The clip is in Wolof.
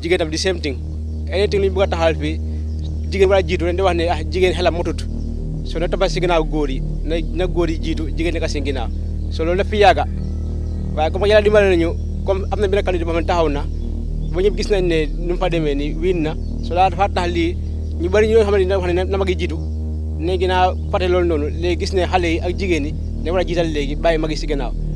jigéen tam di same thing anything lu ñu bëgg a taxawal jigéen war a jiitu leen di wax ne ah jigéen xelam matut so na toppal si ginnaaw góor yi na na góor yi jiitu jigéen nekk seen ginnaaw so loolu la fi yàgga waaye comme yàlla dimbale nañu comme am na benn candidat boo xam ne taxaw na ba ñëpp gis nañ ne nu mu fa demee nii wiin na so laa dafa tax lii ñu bëri ñoo xam ne wax ne na magi jiitu ne ginnaaw fàtte loolu noonu léegi gis ne xale yi ak jigéen yi ne war a jiital léegi bàyyi magi si ginnaaw